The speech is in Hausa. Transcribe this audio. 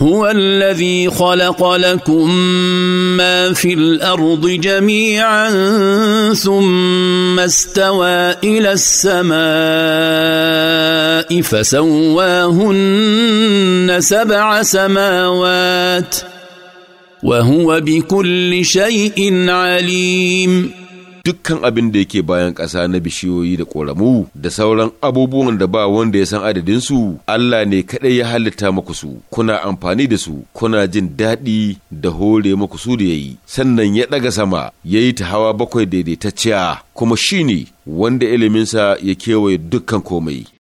هو الذي خلق لكم ما في الارض جميعا ثم استوى الى السماء فسواهن سبع سماوات وهو بكل شيء عليم dukkan abin da yake bayan ƙasa na bishiyoyi da ƙoramu da sauran abubuwan da ba wanda ya san adadinsu Allah ne kaɗai ya halitta muku su kuna amfani da su kuna jin daɗi da hore muku su da yayi sannan ya ɗaga sama ya yi ta hawa bakwai daidaitacciya kuma shi ne wanda iliminsa ya kewaye dukkan komai